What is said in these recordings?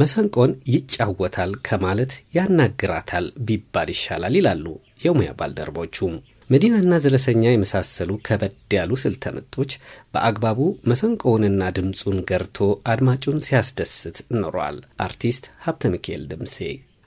መሰንቆን ይጫወታል ከማለት ያናግራታል ቢባል ይሻላል ይላሉ የሙያ ባልደረቦቹ። መዲናና ዘለሰኛ የመሳሰሉ ከበድ ያሉ ስልተ ምቶች በአግባቡ መሰንቆውንና ድምፁን ገርቶ አድማጩን ሲያስደስት ኖሯል። አርቲስት ሀብተ ሚካኤል ደምሴ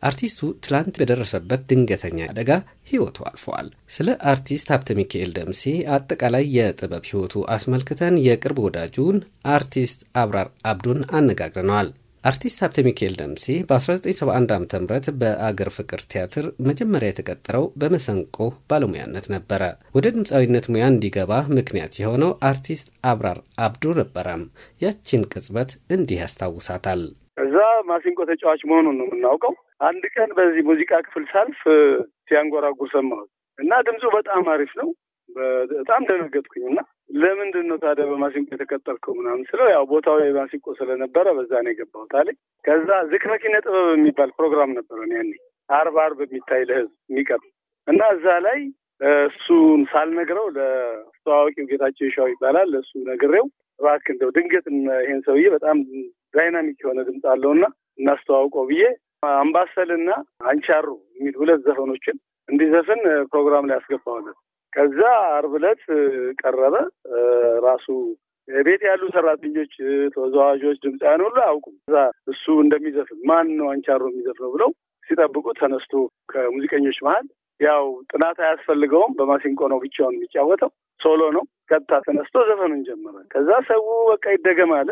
አርቲስቱ ትላንት በደረሰበት ድንገተኛ አደጋ ሕይወቱ አልፏል። ስለ አርቲስት ሀብተ ሚካኤል ደምሴ አጠቃላይ የጥበብ ሕይወቱ አስመልክተን የቅርብ ወዳጁን አርቲስት አብራር አብዱን አነጋግረነዋል። አርቲስት ሀብተ ሚካኤል ደምሴ በ1971 ዓ ም በአገር ፍቅር ቲያትር መጀመሪያ የተቀጠረው በመሰንቆ ባለሙያነት ነበረ። ወደ ድምፃዊነት ሙያ እንዲገባ ምክንያት የሆነው አርቲስት አብራር አብዱ ነበረም። ያችን ቅጽበት እንዲህ ያስታውሳታል። እዛ ማሲንቆ ተጫዋች መሆኑን ነው የምናውቀው። አንድ ቀን በዚህ ሙዚቃ ክፍል ሳልፍ ሲያንጎራጉር ሰማሁት እና ድምፁ በጣም አሪፍ ነው። በጣም ደነገጥኩኝ እና ለምንድን ነው ታዲያ በማሲንቆ የተቀጠልከው ምናምን ስለው ያው ቦታው የማሲንቆ ስለነበረ በዛ ነው የገባሁት አለኝ። ከዛ ዝክረ ኪነ ጥበብ የሚባል ፕሮግራም ነበረን ያኔ አርብ አርብ የሚታይ ለህዝብ የሚቀርብ እና እዛ ላይ እሱን ሳልነግረው ለአስተዋዋቂው ጌታቸው ይሻው ይባላል ለእሱ ነግሬው እባክህ እንደው ድንገት ይሄን ሰውዬ በጣም ዳይናሚክ የሆነ ድምፅ አለውና እናስተዋውቀው ብዬ አምባሰልና አንቻሩ የሚል ሁለት ዘፈኖችን እንዲዘፍን ፕሮግራም ላይ አስገባዋለን። ከዛ አርብ ዕለት ቀረበ። ራሱ ቤት ያሉ ሰራተኞች፣ ተወዛዋዦች፣ ድምፃያን ሁሉ አያውቁም። እዛ እሱ እንደሚዘፍን ማን ነው አንቻሮ የሚዘፍነው ብለው ሲጠብቁ ተነስቶ ከሙዚቀኞች መሀል ያው ጥናት አያስፈልገውም በማሲንቆ ነው ብቻውን የሚጫወተው ሶሎ ነው። ቀጥታ ተነስቶ ዘፈኑን ጀመረ። ከዛ ሰው በቃ ይደገም አለ።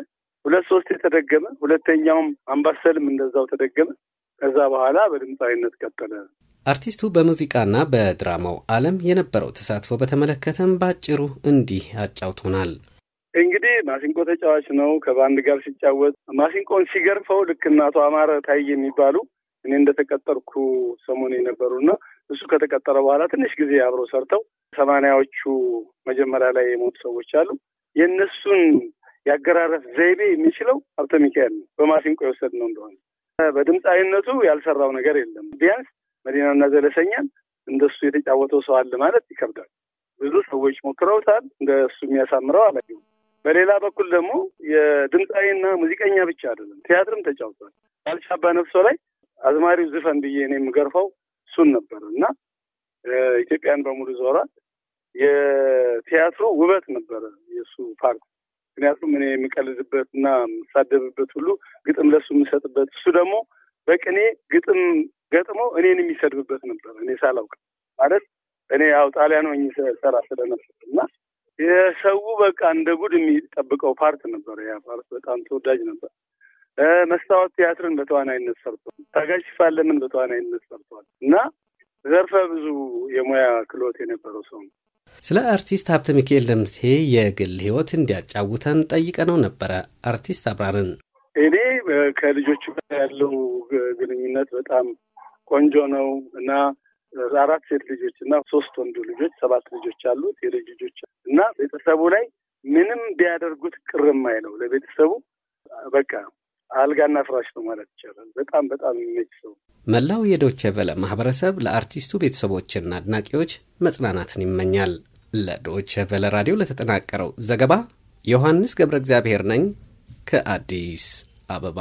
ሁለት ሶስት የተደገመ ሁለተኛውም አምባሰልም እንደዛው ተደገመ። ከዛ በኋላ በድምፃዊነት ቀጠለ። አርቲስቱ በሙዚቃና በድራማው ዓለም የነበረው ተሳትፎ በተመለከተም ባጭሩ እንዲህ አጫውቶናል። እንግዲህ ማሲንቆ ተጫዋች ነው። ከባንድ ጋር ሲጫወት ማሲንቆን ሲገርፈው ልክ እናቱ አማረ ታዬ የሚባሉ እኔ እንደተቀጠርኩ ሰሞን የነበሩና እሱ ከተቀጠረ በኋላ ትንሽ ጊዜ አብረው ሰርተው ሰማንያዎቹ መጀመሪያ ላይ የሞቱ ሰዎች አሉ። የእነሱን ያገራረፍ ዘይቤ የሚችለው ሀብተ ሚካኤል ነው። በማሲንቆ የወሰድ ነው እንደሆነ በድምፃዊነቱ ያልሰራው ነገር የለም ቢያንስ መዲናና ዘለሰኛን እንደሱ የተጫወተው ሰው አለ ማለት ይከብዳል። ብዙ ሰዎች ሞክረውታል። እንደሱ የሚያሳምረው አላየሁም። በሌላ በኩል ደግሞ የድምፃዊና ሙዚቀኛ ብቻ አይደለም፣ ቲያትርም ተጫውቷል። ባልቻባ ነፍሶ ላይ አዝማሪው ዝፈን ብዬ እኔ የምገርፈው እሱን ነበር እና ኢትዮጵያን በሙሉ ዞሯል። የቲያትሩ ውበት ነበረ የእሱ ፓርክ። ምክንያቱም እኔ የምቀልድበት እና የምሳደብበት ሁሉ ግጥም ለሱ የምሰጥበት እሱ ደግሞ በቅኔ ግጥም ገጥሞ እኔን የሚሰድብበት ነበር። እኔ ሳላውቅ ማለት እኔ ያው ጣሊያን ሆኜ ሰራ ስለነበር እና የሰው በቃ እንደ ጉድ የሚጠብቀው ፓርት ነበር። ያ ፓርት በጣም ተወዳጅ ነበር። መስታወት ቲያትርን በተዋናይነት ሰርቷል። ታጋሽ ፋለምን በተዋናይነት ሰርቷል እና ዘርፈ ብዙ የሙያ ክህሎት የነበረው ሰው ነው። ስለ አርቲስት ሀብተ ሚካኤል ደምሴ የግል ህይወት እንዲያጫውተን ጠይቀነው ነበረ። አርቲስት አብራርን እኔ ከልጆቹ ጋር ያለው ግንኙነት በጣም ቆንጆ ነው እና አራት ሴት ልጆች እና ሶስት ወንዱ ልጆች ሰባት ልጆች አሉት የልጅ ልጆች እና ቤተሰቡ ላይ ምንም ቢያደርጉት ቅርማይ ነው። ለቤተሰቡ በቃ አልጋና ፍራሽ ነው ማለት ይቻላል። በጣም በጣም የሚመች ሰው። መላው የዶቼ ቬለ ማህበረሰብ ለአርቲስቱ ቤተሰቦችና አድናቂዎች መጽናናትን ይመኛል። ለዶቼ ቬለ ራዲዮ ለተጠናቀረው ዘገባ ዮሐንስ ገብረ እግዚአብሔር ነኝ ከአዲስ አበባ